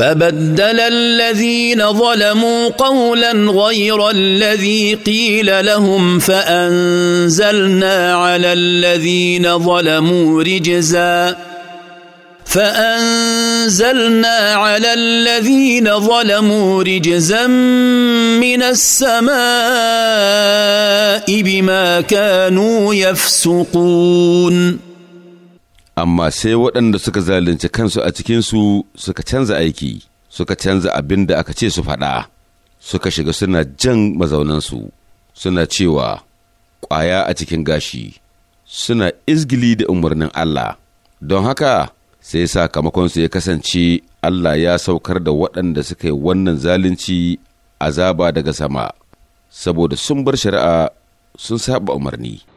فبدل الذين ظلموا قولا غير الذي قيل لهم فانزلنا على الذين ظلموا رجزا فانزلنا على الذين ظلموا رجزا من السماء بما كانوا يفسقون amma sai waɗanda suka zalunci kansu a cikinsu suka canza aiki suka canza abin da aka ce su faɗa suka shiga suna jan mazaunansu suna cewa ƙwaya a cikin gashi suna izgili da umarnin Allah don haka sai sakamakonsu ya kasance Allah ya saukar da waɗanda suka yi wannan zalunci azaba daga sama saboda sun bar shari'a sun saba umarni